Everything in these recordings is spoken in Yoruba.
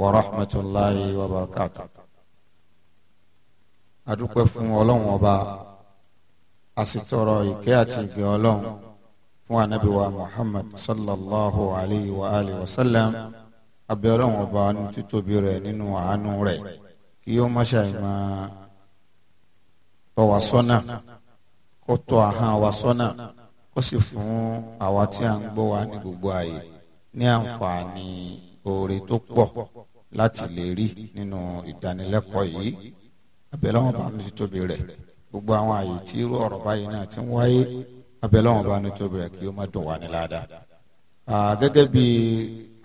ورحمة الله وبركاته adúpẹ́ fún ọlọ́run ọba asitọrọ ìkẹ́ àti ìgẹ́ ọlọ́run fún anabi wa muhammad sallallahu alayhi wa alihi wa sallam abẹ́ ọlọ́run ọba ní títóbi rẹ̀ nínú àánú rẹ̀ kí ó má ṣàì máa tọ́ wa sọ́nà kó tọ́ ahọ́n wa sọ́nà kó sì fún àwa tí a ń gbọ́ wa ní gbogbo ààyè ní àǹfààní oore tó pọ̀ láti lè rí nínú ìdánilẹ́kọ̀ọ́ yìí abẹ́lẹ́ wọn bá ní títóbi rẹ̀ gbogbo àwọn àyè tí irú ọ̀rọ̀ báyìí náà ti ń wáyé abẹ́lẹ́ wọn bá ní títóbi rẹ̀ kí ó má dùn wá ní ládàá. gẹ́gẹ́ bí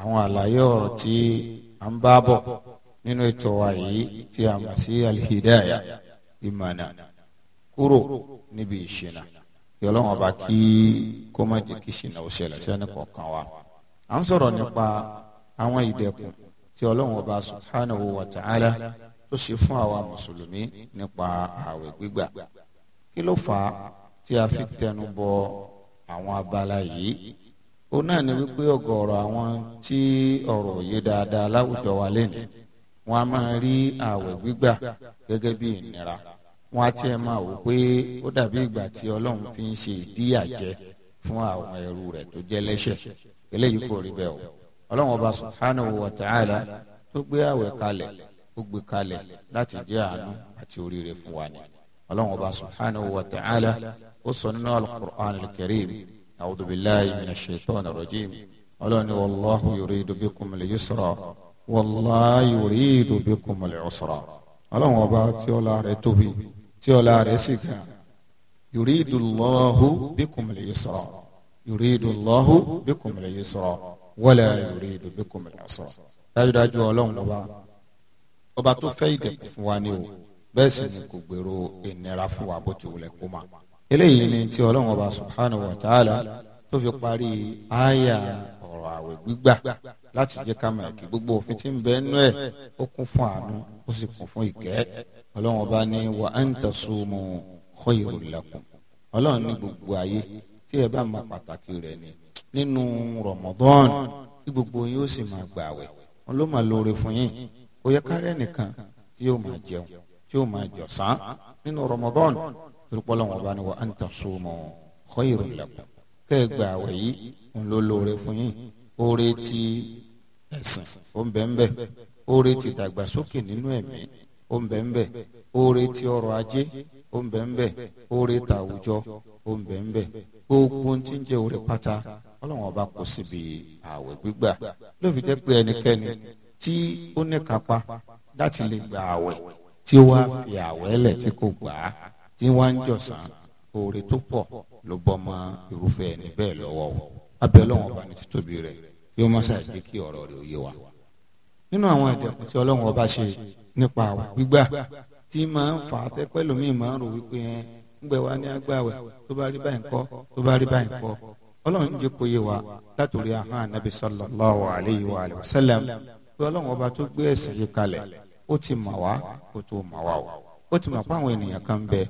àwọn àlàyé ọ̀rọ̀ tí a ń bá bọ̀ nínú ètò wa yìí tí a mọ̀ sí alhidaya ìmọ̀nà kúrò níbi ìṣìnà yọlọ́wọ́n bá kí kó má jẹ́ kí ìṣìnà ó ṣẹlẹ̀ sẹ́ni kọ̀ọ̀kan wa. à ń sọ̀rọ̀ nípa àwọn ìdẹ̀kùn tí ọlọ́run ọba subhanahu wa ta'ala tó ṣe fún àwa mùsùlùmí nípa ààwẹ̀ gbígbà kí ló fà á tí a fi tẹnu bọ àwọn abala yìí ó náà ní wípé ọ̀gọ̀ọ̀rọ̀ àwọn tí ọ̀rọ̀ yé dáadáa láwùjọ wa lẹ́nu wọn a máa rí ààwẹ̀ gbígbà gẹ́gẹ́ bí ìnira wọn á tiẹ̀ máa wò pé ó dàbí ìgbà tí ọlọ́run fi ń ṣe ìdíyàjẹ fún àwọn ẹrú rẹ̀ tó jẹ́ lẹ́ṣẹ̀ eléyìí kò rí bẹ́ẹ̀ o ọlọ́run ọba subhanahu wa ta'ala tó gbé àwẹ̀ kalẹ̀ ó gbé kalẹ̀ láti jẹ́ àánú àti oríire fún wa ni ọlọ́run ọba subhanahu wa ta'ala ó sọ nínú al-Qur'an al-Karim a'udhu billahi minash shaitanir rajim ọlọ́run ni wallahu yuridu bikumul yusra wallahu yuridu bikumul usra ọlọ́run ọba tí ọlá rẹ̀ tóbi tí ọlá rẹ̀ sì ga yuridu Allahu bikumul yusra yuridu Allahu bikumul yusra wala yuridu bikum al-usra dájúdájú ọlọ́run lọ́ba ọba tó fẹ́ ìdẹ̀kùn fún wa ni o bẹ́ẹ̀ sì ni kò gbèrò ìnira fún wa bó ti wulẹ̀ kó ma eléyìí ni tí ọlọ́run ọba subhanahu wa ta'ala tó fi parí àyà ọ̀rọ̀ àwẹ̀ gbígbà láti jẹ́ ká mọ̀ kí gbogbo òfin tí ń bẹ nú ẹ̀ ó kún fún àánú ó sì kún fún ìkẹ́ ọlọ́run ọba ní wa an tasumu khayrun lakum ọlọ́run ní gbogbo ayé tí ẹ bá mọ pàtàkì rẹ̀ ni nínú Ramadan tí gbogbo yín ó sì máa gbààwẹ̀ wọn ló máa lóore fún yín ó yẹ kárẹ́ nìkan tí yóò máa jẹun tí yóò máa jọ̀sán nínú Ramadan irúpọ́lọ́ wọn bá ní wa an tasumu khayrun lakum kẹ́ ẹ gbààwẹ̀ yìí wọn ló lóore fún yín oore ti ẹ̀sìn ó ń bẹ ń bẹ oore ti dàgbàsókè nínú ẹ̀mí ó ń bẹ ń bẹ oore ti ọrọ̀ ajé ó ń bẹ ń bẹ oore tàwùjọ ó ń bẹ ń bẹ gbogbo ohun tí ń jẹ oore pátá ọlọ́run ọba kò síbi ààwẹ̀ gbígbà ló fi jẹ́ pé ẹnikẹ́ni tí ó ní kápá láti lè gba ààwẹ̀ tí ó wá fi ààwẹ̀ lẹ̀ tí kò gbà á tí wọ́n á ń jọ̀sán oore tó pọ̀ ló bọ́ mọ́ irúfẹ́ ẹni bẹ́ẹ̀ lọ́wọ́ o abẹ́ ọlọ́run ọba ní títóbi rẹ̀ kí ó má ṣàì kí ọ̀rọ̀ rẹ̀ ó yé wa. nínú àwọn ìdẹ̀kùn tí ọlọ́run ọba ṣe nípa ààwẹ̀ gbígbà tí máa ń fà á tẹ́pẹ́ lómi máa ń rò wípé ń gbẹ wá ní agbáwẹ̀ tó bá rí báyìí kọ́ tó bá rí báyìí kọ́ ọlọ́run jẹ́ kó yé wa látòrí ahọ́n anabi sallallahu alayhi wa alayhi wa sallam pé ọlọ́run ọba tó gbé ẹ̀sìn yìí kalẹ̀ ó ti mà wá kó tó mà wá o ó ti mà pa àwọn ènìyàn kan bẹ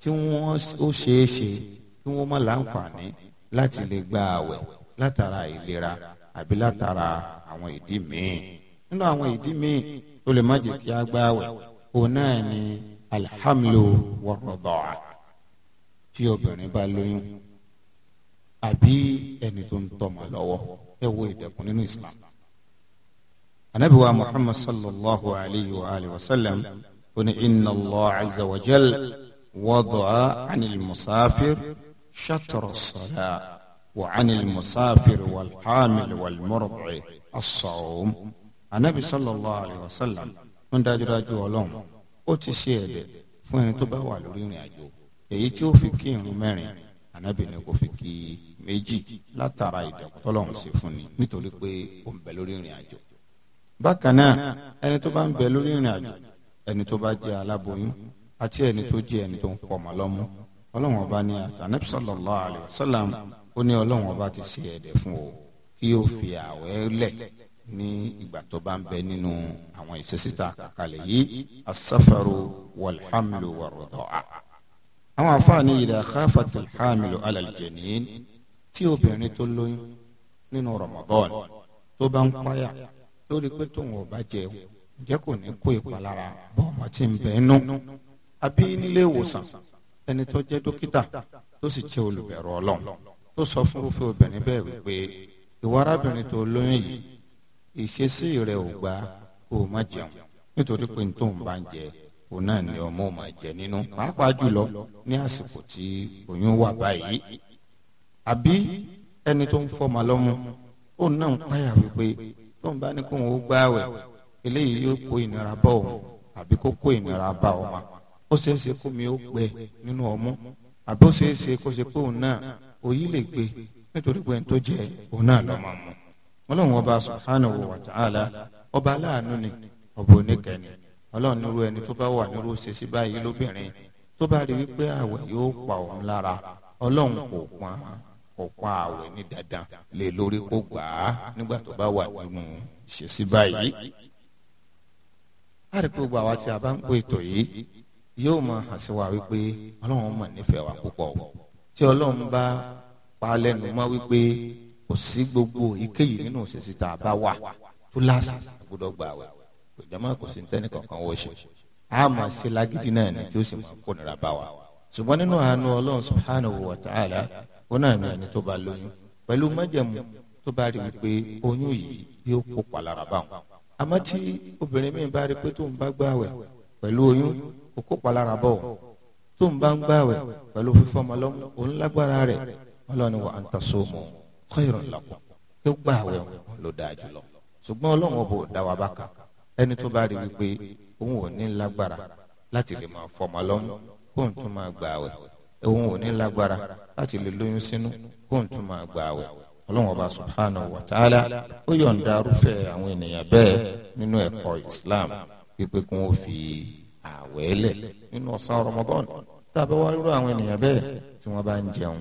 tí wọ́n ó ṣeé ṣe kí wọ́n má láǹfààní láti lè gba àwẹ̀ látara ìlera àbí látara àwọn ìdí míì nínú àwọn ìdí míì tó lè má jẹ́ kí a gba àwẹ̀ òun náà ni alhamlu wa tí obìnrin bá lóyún àbí ẹni tó ń tọ́ ọmọ lọ́wọ́ ẹ wo ìdẹ̀kùn nínú Islam anabi wa Muhammad sallallahu alayhi wa alihi wa sallam oni inna Allah azza wa jal wada'a anil musafir shatra as-sala wa anil musafir wal hamil wal murdi as-sawm anabi sallallahu alayhi wa sallam ń dájúdájú Ọlọ́run ó ti ṣe ẹ̀dẹ̀ fún ẹni tó bá wà lórí ìrìn àjò èyí tí ó fi kí irun mẹ́rin anabi ni kò fi kí méjì látara ìdàkútọ́lọ̀ ń ṣe fún ni nítorí pé ó ń bẹ lórí ìrìn àjò. bákan náà ẹni tó bá ń bẹ lórí ìrìn àjò ẹni tó bá jẹ aláboyún àti ẹni tó jẹ ẹni tó ń pọmọ lọ́mú ọlọ́run ọba ní àtànẹ́bí sallallahu alaihi ó ní ọlọ́run ọba ti ṣe ẹ̀dẹ̀ fún o kí ó fi ààwẹ̀ lẹ̀ ní ìgbà tó bá ń bẹ nínú àwọn ìṣesíta àkàkalẹ̀ yìí asáfàrò wàlhámlò wàrọ̀dọ̀à àwọn àfáàní ìdá káfàtì hamilu alaljẹnin tí obìnrin tó lóyún nínú Ramadan tó bá ń páyà lórí pé tóun ò bá jẹ ǹjẹ́ kò ní kó ìpalára bọ́ ọmọ tí ń bẹ nú àbí nílé ìwòsàn ẹni tó jẹ́ dókítà tó sì jẹ́ olùbẹ̀rù Ọlọ́run tó sọ fún irúfẹ́ obìnrin bẹ́ẹ̀ wípé ìwà arábìnrin tó lóyún yìí ìṣesí rẹ̀ ò gbà kó o má jẹun nítorí pé n tó ń bá ń jẹ òun náà ni ọmọ máa jẹ nínú pàápàá jùlọ ní àsìkò tí oyún wà báyìí àbí ẹni tó ń fọmọ lọ́mú òun náà ń páyà wípé tóun bá ní kóun ó gbààwẹ̀ eléyìí yóò kó ìnira bá òun àbí kó kó ìnira bá ọmọ ó ṣeé ṣe kó mi ó gbẹ nínú ọmú àbí ó ṣeé ṣe kó ṣe pé òun náà òyì lè gbé nítorí pé tó jẹ òun náà lọ́mọ mu wọn lòun ọba subhanahu wa ta'ala ọba aláàánú ni ọba oníkẹ́ni ọlọ́run nírú ẹni tó bá wà nírú ṣèṣì báyìí lóbìnrin tó bá rí wípé àwẹ̀ yóò pa òun lára ọlọ́run kò pọn kò pọn àwẹ̀ ní dandan lè lórí kó gbà á nígbà tó bá wà nínú ṣèṣì báyìí. a pé gbogbo àwa tí a bá ń pè ètò yìí yóò máa hàn sí wa wípé ọlọ́run mọ̀ nífẹ̀ẹ́ wa púpọ̀ tí ọlọ́run bá pa lẹ́nu mọ́ wípé kò sí gbogbo èyíkéyìí nínú ṣèṣì tá a bá wà tó láàsì àgbọ́dọ̀ gbà wẹ̀ jama kò sí ntẹ́ni kankan wọ́n ṣe a máa ṣe lágídí náà ni tí ó sì máa kó nira bá wa ṣùgbọ́n nínú àánú ọlọ́run subhanahu wa ta'ala ó náà ní ẹni tó bá lóyún pẹ̀lú májẹ̀mú tó bá rí wípé oyún yìí yóò kó palára bá wọn àmọ́ tí obìnrin mi bá rí pé tó ń bá gbààwẹ̀ pẹ̀lú oyún kò kó palára bọ̀ tó ń bá ń gbààwẹ̀ pẹ̀lú fífọ́ ọmọ lọ́mú òun lágbára rẹ̀ ọlọ́run wa an tasumu khairun lakum kí ó gbààwẹ̀ ló dáa jùlọ ṣùgbọ́n ọlọ́run ọ̀bọ̀ ẹni tó bá rí wípé òun ò ní lágbára láti lè máa fọmọ lọ́mú kóun tún máa gbà àwẹ̀ òun ò ní lágbára láti lè lóyún sínú kóun tún máa gbà àwẹ̀ ọlọ́run ọba subhanahu wa ta'ala ó yọ̀ǹda arúfẹ́ àwọn ènìyàn bẹ́ẹ̀ nínú ẹ̀kọ́ islam wípé kí wọ́n fi àwẹ̀ lẹ̀ nínú ọ̀sán rọmọdọ́n tá a bá wá rírọ àwọn ènìyàn bẹ́ẹ̀ tí wọ́n bá ń jẹun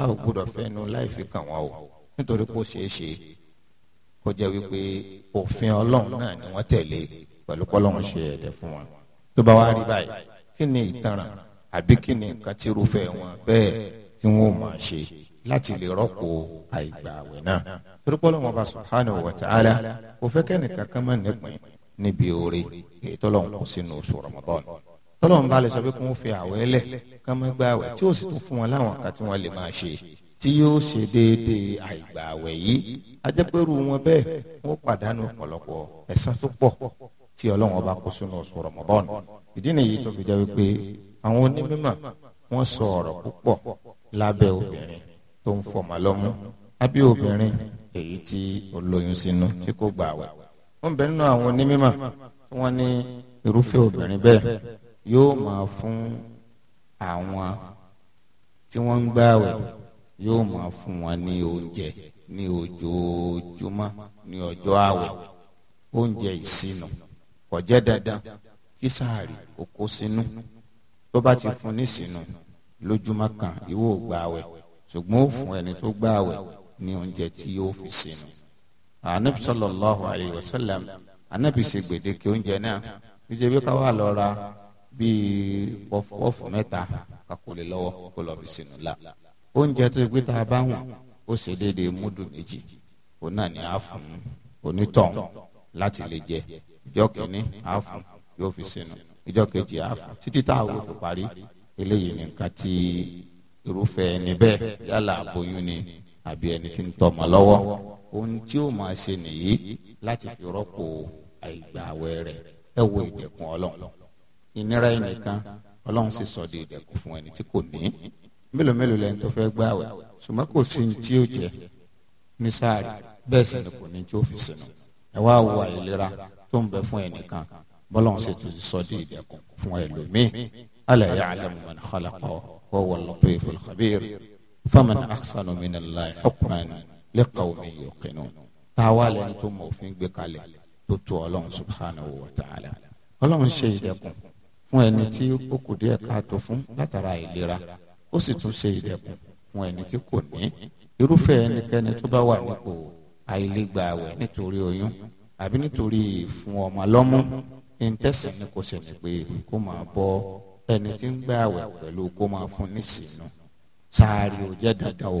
a ò gbọ́dọ̀ fẹ́ nu láì fi kàn wọ́n o nítorí kó ṣeé ṣe kó jẹ́ wípé òfin ọlọ́run náà ni wọ́n tẹ̀lé pẹ̀lú kọ́lọ́run ṣe ẹ̀dẹ̀ fún wọn tó bá wá rí báyìí kí ni ìtanràn àbí kí ni nǹkan tí irúfẹ́ wọn bẹ́ẹ̀ tí wọ́n máa ṣe láti lè rọ́pò àìgbààwẹ̀ náà torí kọ́lọ́run ọba subhanahu wa ta'ala kò fẹ́ kẹ́nìkan kan máa nípìn níbi oore èyí tọ́lọ́run kò sínú oṣù Ramadan tọ́lọ́run bá lè sọ pé kí wọ́n fi àwẹ̀ lẹ̀ kí wọ́n má tí ó sì tún fún wọn láwọn tí yóò ṣe déédéé àìgbààwẹ̀ yìí ajẹ́pẹ́rù wọn bẹ́ẹ̀ wọ́n pàdánù ọ̀pọ̀lọpọ̀ ẹ̀san tó pọ̀ tí ọlọ́run ọba kó sínú oṣù rọmọbọ́ọ̀nù ìdí nìyí tó fi jẹ́ wípé àwọn onímọ̀ wọ́n sọ ọ̀rọ̀ púpọ̀ lábẹ́ obìnrin tó ń fọmọ lọ́mú àbí obìnrin èyí tí olóyún sínú tí kò gbààwẹ̀ wọ́n bẹ nínú àwọn onímọ̀ wọ́n ní irúfẹ́ obìnrin bẹ́ẹ̀ yóò máa fún àwọn tí wọ́n ń gbààwẹ̀ yóò máa fún wọn ní oúnjẹ ní ojoojúmọ́ ní ọjọ́ àwẹ̀ oúnjẹ ìsinu kò jẹ́ dandan kí sáàrì okó sínú tó bá ti fún nísinu lójúmọ́ kan ìwọ gba àwẹ̀ ṣùgbọ́n ó fún ẹni tó gba àwẹ̀ ní oúnjẹ tí yóò fi sínú. anabi sallallahu alayhi wa sallam anabi ṣe gbèdéke oúnjẹ náà jíjẹ bí ká wà lọ ra bíi pọfupọfu mẹ́ta kakò lọ́wọ́ kó lọ fi sínú la oúnjẹ tó gbé tá a bá wọn ó ṣe déédéé múdù méjì òun náà ni a fún onítọ̀hún láti lè jẹ ìjọ kìíní a fún yóò fi sínú ìjọ kejì a fún títí tá a wò kó parí eléyìí ni nǹkan tí irúfẹ́ ẹni bẹ́ẹ̀ yálà aboyún ni àbí ẹni tí ń tọ́mọ lọ́wọ́ ohun tí ó máa ṣe nìyí láti fi rọ́pò àìgbàwẹ̀ rẹ̀ ẹ wo ìdẹ̀kùn ọlọ́run ìnira ẹnìkan ọlọ́run sì sọ de ìdẹ̀kùn fún ẹni tí kò ní mélòó mélòó lẹ́yìn tó fẹ́ gbààwẹ̀ ṣùgbọ́n kò sí ní tí ó jẹ ní sáàrì bẹ́ẹ̀ sì ni kò ní tí ó fi sínú ẹ wá wo àìlera tó ń bẹ fún ẹnìkan bọ́lọ́n sì tún sọ di ìdẹ̀kùn fún ẹlòmíì ala ya'lamu man khalaqa wa huwa al-latiful khabir faman ahsanu mina Allahi hukman liqawmin yuqinun táwa lẹni tó mọ òfin gbé kalẹ̀ tó tu ọlọ́run subhanahu wa ta'ala ọlọ́run ṣe ìdẹ̀kùn fún ẹni tí ó kù díẹ̀ káàtó fún látara ìlera ó sì tún ṣe ìdẹ̀kùn fún ẹni tí kò ní irúfẹ́ ẹnikẹ́ni tó bá wà nípò àìlègbà àwẹ̀ nítorí oyún àbí nítorí ìfún ọmọ lọ́mú ìǹtẹ̀sìn ni kò ṣe ní pé kó máa bọ́ ẹni tí ń gbà pẹ̀lú kó máa fún nísìnú sáárì ò jẹ́ dandan o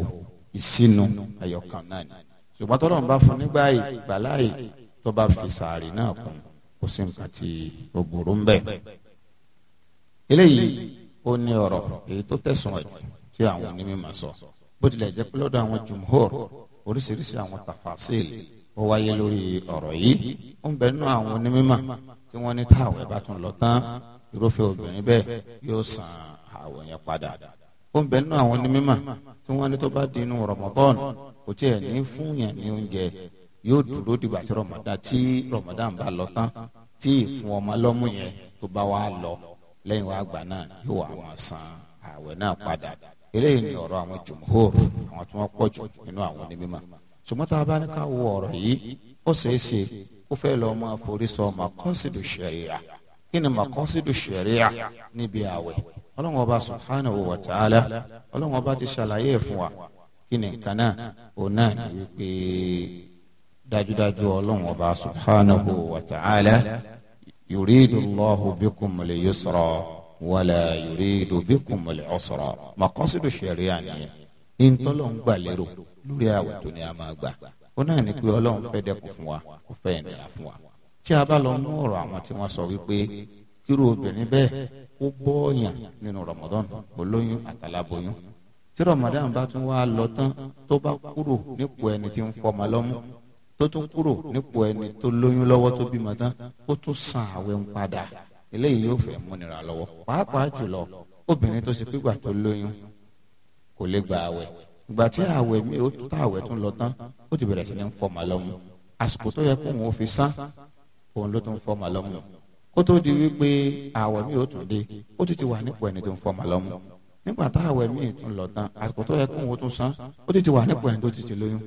ìsinu ẹ̀yọkàn náà ni ṣùgbọ́n tọ́lọ́run bá fún nígbà ìgbàláyè tó bá fi sáárì náà kún kò sí nǹkan tí ògbòrò ń bẹ. eléyìí ó ní ọ̀rọ̀ èyí tó tẹ̀sùn rẹ̀ tí àwọn onímọ̀ sọ bó tilẹ̀ jẹ́ pé lọ́dọ̀ àwọn jumhur oríṣiríṣi àwọn tafasil ó wáyé lórí ọ̀rọ̀ yìí ó ń bẹ nínú àwọn onímọ̀ tí wọ́n ní táwẹ̀ bá tún lọ tán irúfẹ́ obìnrin bẹ́ẹ̀ yóò san àwẹ̀ yẹn padà ó ń bẹ nínú àwọn onímọ̀ tí wọ́n ní tó bá di inú Ramadan kò tiẹ̀ ní fún yẹn ní oúnjẹ yóò dúró dìgbà tí Ramadan tí Ramadan bá lọ tán tí ìfún ọmọ lọ́mú yẹn tó bá wà lọ lẹ́yìn wá gbà náà yóò wá máa san ààwẹ̀ náà padà eléyìí ni ọ̀rọ̀ àwọn jùmọ̀hóòr àwọn tí wọ́n pọ̀ jù nínú àwọn onímọ̀ ṣùgbọ́n tá a bá ní ká wo ọ̀rọ̀ yìí ó ṣeé ṣe ó fẹ́ lọ máa forí sọ màkọ́sídù ṣẹ̀ríà kí ni màkọ́sídù ṣẹ̀ríà níbi ààwẹ̀ ọlọ́run ọba subhanahu wa ta'ala ọlọ́run ọba ti ṣàlàyé ẹ̀ fún wa kí ni nǹkan náà òun náà ni wípé dájúdájú ọlọ́run ọba subhanahu wa ta'ala يريد الله بكم اليسر ولا يريد بكم العسر مقاصد الشريعة يعني إن تلون بالرو لوري أو الدنيا ما أبا هنا a bá lọ mú ọ̀rọ̀ àwọn tí wọ́n sọ wípé irú obìnrin bẹ́ẹ̀ ó bọ́ọ̀yàn nínú Ramadan tí Ramadan bá lọ tán tó tó tún kúrò nípò ẹni tó lóyún lọ́wọ́ tó bímọ tán ó tún san àwẹ̀ ń padà eléyìí yóò fẹ́ múnira lọ́wọ́ pàápàá jùlọ obìnrin tó ṣe pígbà tó lóyún kò lè gba àwẹ̀ ìgbà tí àwẹ̀ mi ó tún àwẹ̀ tún lọ tán ó ti bẹ̀rẹ̀ sí ní fọmà lọ́mú àsìkò tó yẹ kó òun ò fi san òun ló tún fọmà lọ́mú ó tó di wípé àwẹ̀ mi ò tún dé ó ti ti wà nípò ẹni tó ń fọmà lọ́mú nígbà tá àwẹ̀ mi tún lọ tán àsìkò tó yẹ kó òun ó tún san ó ti ti wà nípò ẹni tó ti ti lóyún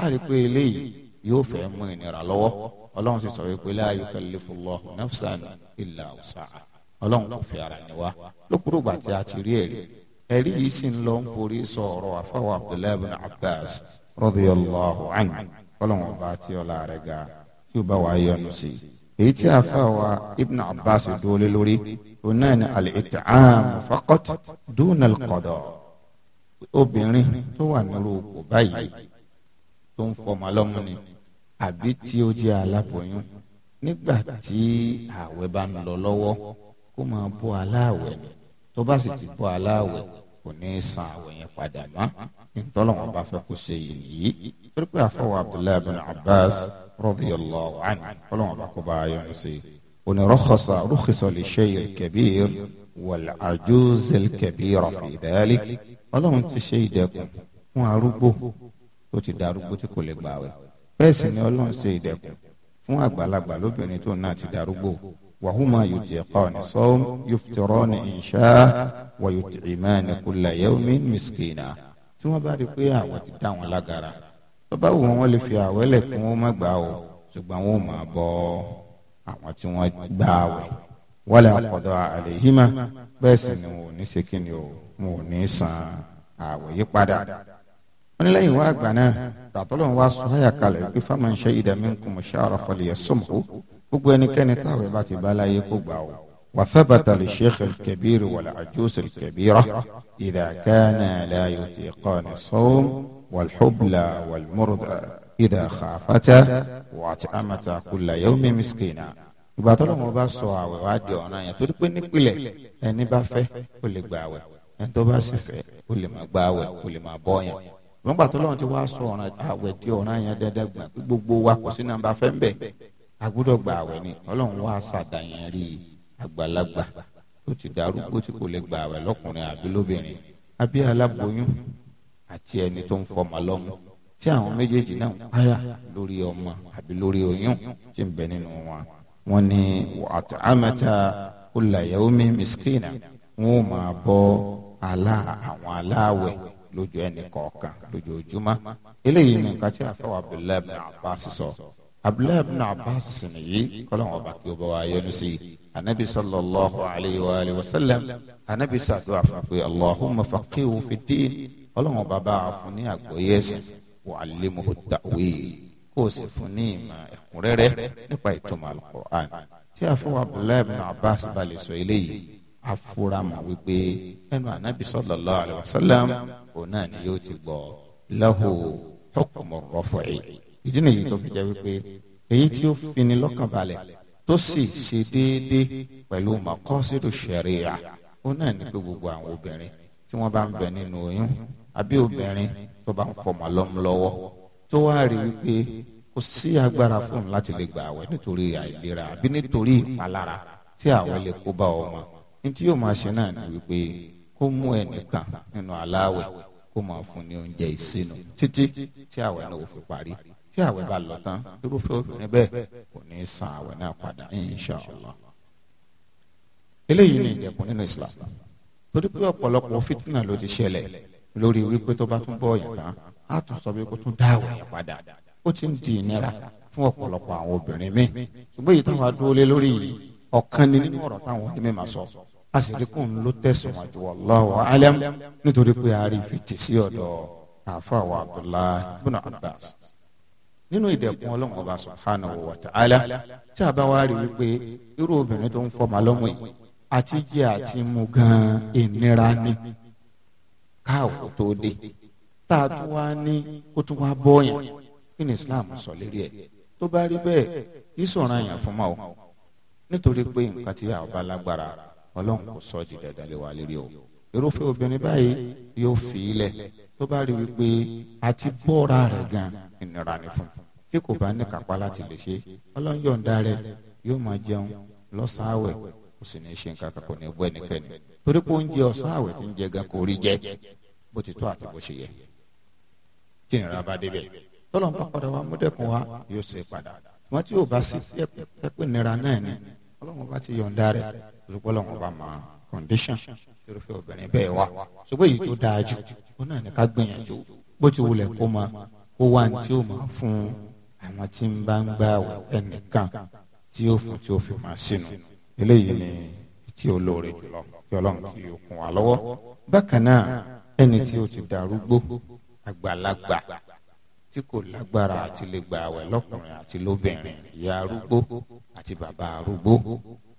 á rí pé eléyìí yóò fẹ́ mú ìnira lọ́wọ́ ọlọ́run sì sọ wípé la yukallifullahu nafsan illa wus'aha ọlọ́run kò fi ara ni wá lókùrùgbà tí a ti rí ẹ̀rí ẹ̀rí yìí sì ń lọ ń forí sọ ọ̀rọ̀ àfọwọ́ abdullahi bin abbas radiyallahu anhu ọlọ́run ọba tí ọlá rẹ̀ ga kí ó bá wàá yọ́nú sí i èyí tí àfọwọ́ ibn abbas dúró lórí òun náà ni al-it'am faqat duna obìnrin tó wà nírú òkú báyìí tó ń fọmọ lọ́mú ni àbí tí ó jẹ́ aláboyún nígbà tí ààwẹ̀ bá ń lọ lọ́wọ́ kó máa bọ́ aláàwẹ̀ tó bá sì ti bọ́ aláàwẹ̀ kò ní í san ààwẹ̀ yẹn padà mọ́ ìtọ́lọ́wọ́n bá fẹ́ kó ṣe yìí torí pé àfọwọ́ abdullahi bin abbas radiyallahu anhu ọlọ́wọ́n bá kó bá a yọ̀nù sí i òní rọ́kọ̀sà rúkìsọ̀ lè ṣe ìrìkẹ̀bíir wàlàjúzẹ̀l kẹ̀bíir ọ̀fìdẹ́lì ọlọ́run ti ṣe ìdẹ̀kùn fún arúgbó tó ti darúgbó tí kò lè gbààwẹ̀ bẹ́ẹ̀ sì ni ọlọ́run ṣe ìdẹ̀kùn fún àgbàlagbà lóbìnrin tó náà ti darúgbó wàhùmá yutiqani sawm yuftirani insha wa yut'imani kulla yawmin miskina tí wọ́n bá rí pé àwọ̀ ti dá wọn lágara tó bá wù wọ́n lè fi àwẹ̀ lẹ̀ kí má gbà ó ṣùgbọ́n wọn ò máa bọ́ àwọn tí wọ́n gbà àwẹ̀ wala qada alayhima bẹ́ẹ̀ sì ni wọn ò ní ṣe kí wọ́n ní lẹ́yìn wá àgbà náà tàtọ́lọ́n wá sọ àyà kalẹ̀ pé fáwọn shahida minkum shahra falyasumhu gbogbo ẹnikẹ́ni táwọn bá ti bá láyé kó gbà ó. وثبت للشيخ الكبير والعجوز الكبيرة إذا كانا لا يطيقان الصوم والحبلى والمرضى إذا خافتا وأطعمتا كل يوم مسكينا ìbátọ́lọ́ wọn bá sọ àwẹ̀ wá di ọ̀nà yẹn torí pé nípìnlẹ̀ ẹni bá fẹ́ ó lè gba àwẹ̀ ẹni tó wọn gbà tó lọ́wọ́n ti wá sọ ọ̀ràn àwẹ̀ tí ọ̀ràn yẹn dẹ́dẹ́ gbà gbogbo wa kò sí nàmbà fẹ́ ń bẹ̀ agbọ́dọ̀ gba àwẹ̀ ni ọlọ́run wá sàdáyẹn rí àgbàlagbà ó ti darúgbó tí kò lè gba àwẹ̀ lọ́kùnrin àbí lóbìnrin àbí aláboyún àti ẹni tó ń fọmọ lọ́mú tí àwọn méjèèjì náà páyà lórí ọmọ àbí lórí oyún tí ń bẹ nínú wọn wọn ni àtàmẹta kulla yawmi miskina wọn ò máa bọ́ alá lójú ẹnì kọ̀ọ̀kan lójoojúmọ́ eléyìí ni nǹkan tí àfẹ́wọ̀ Abdullahi ibn Abbas sọ Abdullahi ibn Abbas sì nìyí kọ́lọ́wọ́n ọba kí o bá wa yẹnu sí i anabi sallallahu alayhi wa alayhi wa sallam anabi sàdúrà fún pé allahumma faqihu fi din ọlọ́wọ́n ọba bá a fún ní àgbọ́yé ẹ̀sìn wa allimuhu ta'wil kó o sì fún ní ìmọ̀ ẹ̀kúnrẹ́rẹ́ nípa ìtumọ̀ alukur'an tí àfẹ́wọ̀ Abdullahi ibn Abbas balẹ̀ sọ eléyìí afuramọ wípé ẹnu anabi sallallahu alayhi wa sallam òun náà ni yóò ti gbọ́ lahu hukmu raf'i ìdí nìyí tó fi jẹ́ wípé èyí tí ó fini lọ́kàn balẹ̀ tó sì ṣe déédéé pẹ̀lú maqasidu sharia òun náà ni pé gbogbo àwọn obìnrin tí wọ́n bá ń bẹ nínú oyún àbí obìnrin tó bá ń fọmọ lọ́mú lọ́wọ́ tó wá rí wípé kò sí agbára fún un láti lè gbà àwẹ̀ nítorí àìlera àbí nítorí ìpalára tí àwọn lè kó bá ọmọ ní tí yóò máa ṣe náà ni wípé kó mú ẹnìkan nínú aláwẹ̀ kó máa fún ní oúnjẹ ìsinu títí tí àwẹ̀ náà ò fi parí tí àwẹ̀ bá lọ tán irúfẹ́ obìnrin bẹ́ẹ̀ kò ní san àwẹ̀ náà padà insha eléyìí ni ìdẹ̀kùn nínú Islam torí pé ọ̀pọ̀lọpọ̀ fìtínà ló ti ṣẹlẹ̀ lórí wípé tó bá tún bọ̀ ọ̀yàn tán á tún sọ pé kó tún dá àwẹ̀ yẹn padà ó ti ń di ìnira fún ọ̀pọ̀lọpọ̀ àwọn obìnrin míì ṣùgbọ́n èyí táwọn adúlé lórí ọ̀kan ni nínú ọ̀rọ̀ táwọn a sì rí kóun ló tẹ̀sùn àjò wallahu alam nítorí pé a rí fìtì sí ọ̀dọ̀ àfàwọ̀ Abdullah ibn Abbas nínú ìdẹ̀kùn ọlọ́run ọba subhanahu wa ta'ala tí a bá wá rí wípé irú obìnrin tó ń fọmọ lọ́mọ yìí àti jẹ àti mu gan-an ìnira ni káàwó tó dé tá a tún wá ní kó tún wá bọ́ọ̀yàn kí ni Islam sọ lérí ẹ̀ tó bá rí bẹ́ẹ̀ kì sọ̀ràn yàn fún ma o nítorí pé nǹkan tí a ò bá lágbára ọlọ́run kò sọ di dandan lé wa lérí o irúfẹ́ obìnrin báyìí yóò fi ilẹ̀ tó bá rí wípé a ti bọ́ra rẹ̀ gan ìnira ni fún tí kò bá ní kápá láti lè ṣe ọlọ́run yọ̀ǹda rẹ̀ yóò máa jẹun lọ́sàn-án àwẹ̀ kò sì ní í ṣe nǹkan kan kò ní bọ́ ẹnikẹ́ni torí pé oúnjẹ ọ̀sán àwẹ̀ tí ń jẹ gan kò rí jẹ bó ti tó àti bó ṣe yẹ tí ìnira bá débẹ̀ tọ́lọ́mùpá padà wá múdẹ́kùn wa yóò ṣe padà wọ́n tí yóò bá sí ẹ̀pẹ́ ọlọ́run bá ti yọ̀ǹda rẹ̀ ṣùgbọ́n ọlọ́run bá máa condition torí pé obìnrin bẹ́ẹ̀ wà ṣùgbọ́n èyí tó dáa jù ó náà ní ká gbìyànjú bó ti wulẹ̀ kó máa kó wá ní tí ó máa fún àwọn tí ń bá ń gbà ẹnìkan tí ó fún tí ó fi máa sínú eléyìí ni tí ó lóore jùlọ kí ọlọ́run kì í kún wa lọ́wọ́ bákan náà ẹni tí ó ti dàrúgbó àgbàlagbà tí kò lágbára àti lè gba àwẹ̀ lọ́kùnrin àti lóbìnrin ìyá arúgbó àti bàbá arúgbó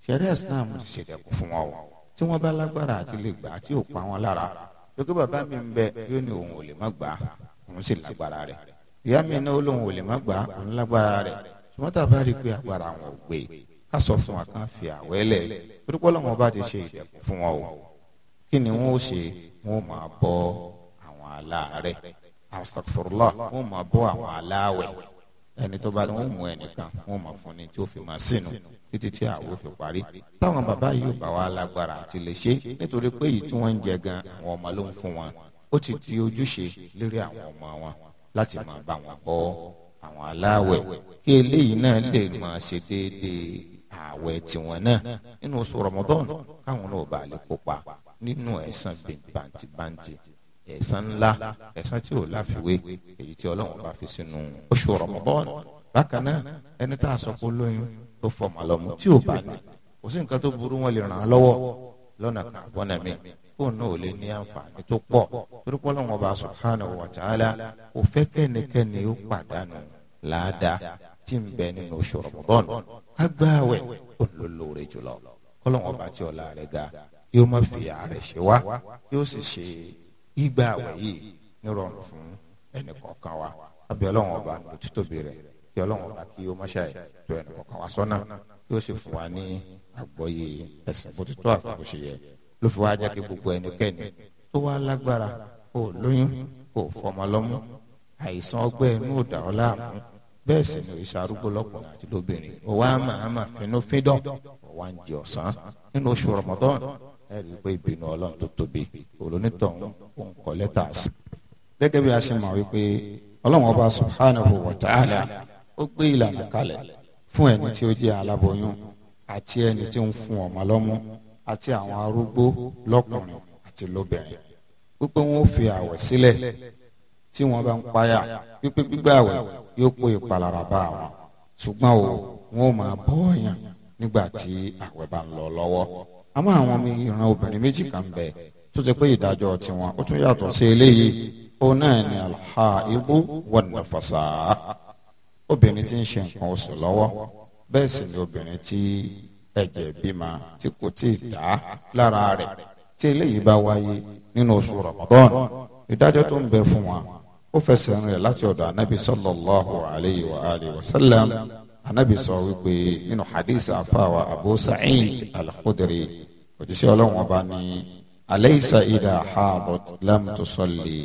ṣẹ̀rí Islam ti ṣèdẹ̀kùn fún wọn o tí wọ́n bá lágbára àti lè gbà tí ò pa wọn lára yókè bàbá mi ń bẹ yóò ní òun ò lè má gbà òun sì lágbára rẹ̀ ìyá mi náà lòun ò lè má gbà òun lágbára rẹ̀ ṣùgbọ́n tá a bá rí i pé agbára wọn ò gbé ká sọ fún wa kán fi àwẹ̀ torípọ́ lọ́wọ́n bá ti ṣe ìdẹ̀kùn fún wọn o kí ni wọ́n ó ṣe wọ́n máa bọ́ àwọn aláàárẹ̀ àwòsàfòrúlà wọn máa bọ́ àwọn aláwẹ̀ ẹni tó bá ní wọn mú ẹnìkan wọn máa fún ni tí ó fi máa sínú títí tí àwọ̀ fi parí táwọn bàbá yìí ò bá wa lágbára àti lè ṣe nítorí pé èyí tí wọ́n ń jẹ gan àwọn ọmọ ló ń fún wọn ó ti di ojúṣe lérí àwọn ọmọ wọn láti máa bá wọn bọ́ àwọn aláwẹ̀ kí eléyìí náà lè máa ṣe déédéé ààwẹ̀ tiwọn náà nínú oṣù Ramadan káwọn náà bá lè kópa nínú ẹ̀san bíi bàǹtìbàǹtì ẹ̀san ńlá ẹ̀san tí ò láfiwé èyí tí ọlọ́run bá fi sínú oṣù Ramadan bákan náà ẹni tá a sọ pé olóyún tó fọmọ lọ́mú tí ò bá ní kò sí nǹkan tó burú wọn lè ràn án lọ́wọ́ lọ́nà kan àbọ̀nà mi kó náà ò lè ní àǹfààní tó pọ̀ torí pé ọlọ́run ọba subhanahu wa ta'ala kò fẹ́ kẹ́nikẹ́ni ó pàdánù làádàá tí ń bẹ nínú oṣù Ramadan agbáwẹ̀ kò ń ìgbà àwẹ̀ yìí ní rọrùn fún ẹnì kọ̀ọ̀kan wa àbí ọlọ́run ọba ló ti tóbi rẹ̀ kí ọlọ́run ọba kí ó máṣe tó ẹnì kọ̀ọ̀kan wa sọ́nà kí ó sì fún wa ní àgbọ́yé ẹ̀sìn bó ti tó àti bó ṣe yẹ ló fi wá jẹ́ kí gbogbo ẹnikẹ́ni tó wá lágbára kò lóyún kò fọmọ lọ́mú àìsàn ọgbẹ́ inú ò dà ọ́ láàmú sì ni ìṣàrúgbó lọ́kùnrin àti lóbìnrin òwa máa máa finú fídọ̀ òwa Ramadan ẹ rí i pé ìbínú ọlọ́run tó tóbi olónítọ̀hún òun kọ́ lẹ́tà sí. gẹ́gẹ́ bí a ṣe mọ̀ wípé ọlọ́run ọba subhanahu wa ta'ala ó gbé ìlànà kalẹ̀ fún ẹni tí ó jẹ́ aláboyún àti ẹni tí ń fún ọmọ lọ́mú àti àwọn arúgbó lọ́kùnrin àti lóbìnrin wípé wọn ò fi àwẹ̀ sílẹ̀ tí wọ́n bá ń payà wípé gbígbà àwẹ̀ yóò kó ìpalára bá àwọn ṣùgbọ́n wọn ò máa bọ́ ọ̀yàn nígbà tí àwẹ̀ bá ń lọ lọ́wọ́ àmọ́ àwọn mi ìran obìnrin méjì kan bẹ tó ti pé ìdájọ́ tiwọn ó tún yàtọ̀ sí eléyìí ó náà ní alhaibu wannafasa obìnrin tí ń ṣe nǹkan oṣù lọ́wọ́ bẹ́ẹ̀ sì ni obìnrin tí ẹ̀jẹ̀ bímọ tí kò tí ì dá lára rẹ̀ tí eléyìí bá wáyé nínú oṣù Ramadan ìdájọ́ tó ń bẹ fún wa ó fẹsẹ̀ rìn láti ọ̀dọ̀ anábì sallallahu alayhi wa alihi wa sallam anabi sọ wípé nínú hadith afáwa abu sa'id al-khudri òjíṣẹ́ ọlọ́run ọba ní alaysa idha hadat lam tusalli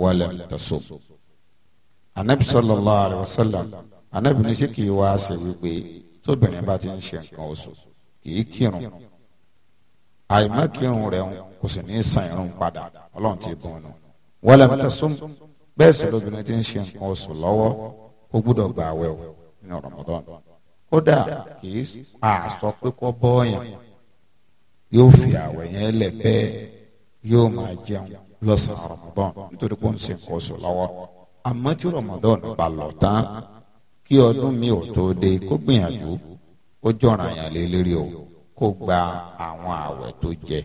wa lam tasum. anabi sallallahu alayhi wa sallam anabi ní sí kì í wá sí wípé tóbìnrin bá ti ń ṣe nǹkan oṣù kì í kírun àìmọ́ kírun rẹ̀ kò sì ní san irun padà ọlọ́run ti bọ̀ ọ́nà wa lam bẹ́ẹ̀ sì lóbìnrin ti ń ṣe nǹkan oṣù lọ́wọ́ ó gbúdọ̀ gbà àwẹ̀ nínú Ramadan kódà kìí àsọ pé kọ́ bọ́ọ̀yàn yóò fi àwẹ̀ yẹn lẹ̀ bẹ́ẹ̀ yóò máa jẹun lọ́sàn-án Ramadan nítorí pé ó ń ṣe nǹkan lọ́wọ́ àmọ́ tí Ramadan bá lọ tán kí ọdún mi ò tó dé kó gbìyànjú ó jọ̀ràn àyàn lé lérí o kó gba àwọn àwẹ̀ tó jẹ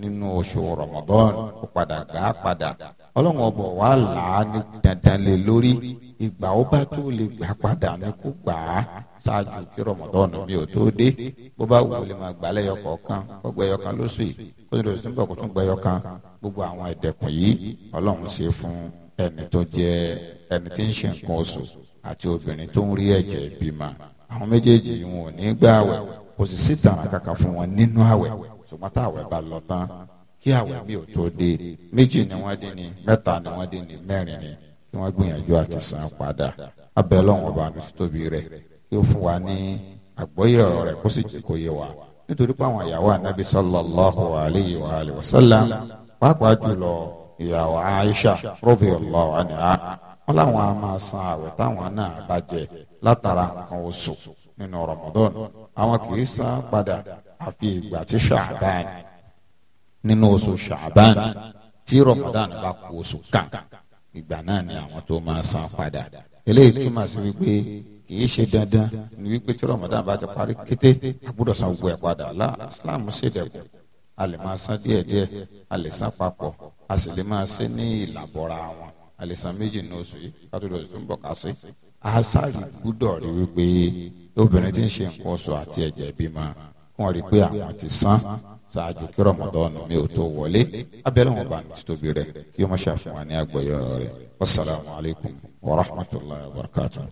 nínú oṣù Ramadan ó padà gbà á padà ọlọ́run ọbọ̀ wa là á ní dandan lé lórí ìgbà ó bá tó lè gbà padà ní kó gbà á ṣáájú kí Ramadan mi ò tó dé bó bá wù ú lè máa gbà lẹ́yọ kọ̀ọ̀kan kó gbẹ ẹyọ kan lóṣù yìí kó tó lè sínú kó tún gbẹ ẹyọ kan gbogbo àwọn ìdẹ̀kùn yìí ọlọ́run ṣe fún ẹni tó jẹ ẹni tí ń ṣe nǹkan oṣù àti obìnrin tó ń rí ẹ̀jẹ̀ ìbímọ àwọn méjèèjì wọn ò ní gbà àwẹ̀ kò sì sí tàràkàkà fún wọn nínú àwẹ̀ ṣùgbọ́n táwẹ̀ bá lọ tán kí àwẹ̀ mi ò tó dé méjì ni wọ́n dín ní mẹ́ta ni wọ́n dín ní mẹ́rin ni kí wọ́n gbìyànjú àti san padà abẹ́ ọlọ́run ọba mi tóbi rẹ̀ kí ó fún wa ní àgbọ́yé ọ̀rọ̀ rẹ̀ kó sì jẹ́ kó yé wa nítorí pé àwọn ìyàwó ànábì sallallahu alayhi wa alayhi wa sallam pàápàá jùlọ ìyàwó Aisha radiyallahu anha wọn làwọn a máa san àwẹ̀ táwọn náà bá jẹ látara nǹkan oṣù nínú Ramadan àwọn kì í san padà àfi ìgbà tí ṣàbán nínú oṣù ṣàbán tí ramadan bá kù oṣù kan ìgbà náà ni àwọn tó máa san padà eléyìí túmọ̀ sí wípé kìí ṣe dandan ni wípé tí ramadan bá ti parí kété a gbọ́dọ̀ san gbogbo ẹ̀ padà lá islam ṣe dẹ̀kun a lè máa san díẹ̀díẹ̀ a lè san papọ̀ a sì lè máa ṣe ní ìlàbọ̀ra wọn a lè san méjì ní oṣù yìí kátó tó ń bọ̀ ká sí a sáré gbúdọ̀ rí wípé obìnrin tí ń ṣe nǹkan oṣù àti ẹ̀jẹ̀ bímọ wọn rí i pé àwọn ti san ṣáájú kí rọmọdọ́ọ̀nù mi ò tó wọlé abẹ́lẹ́ wọn bá ní títóbi rẹ̀ kí wọ́n ṣàfihàn ní àgbọ̀yọ̀ rẹ̀ wasalaamualeykum wa rahmatulahi wa barakatuh.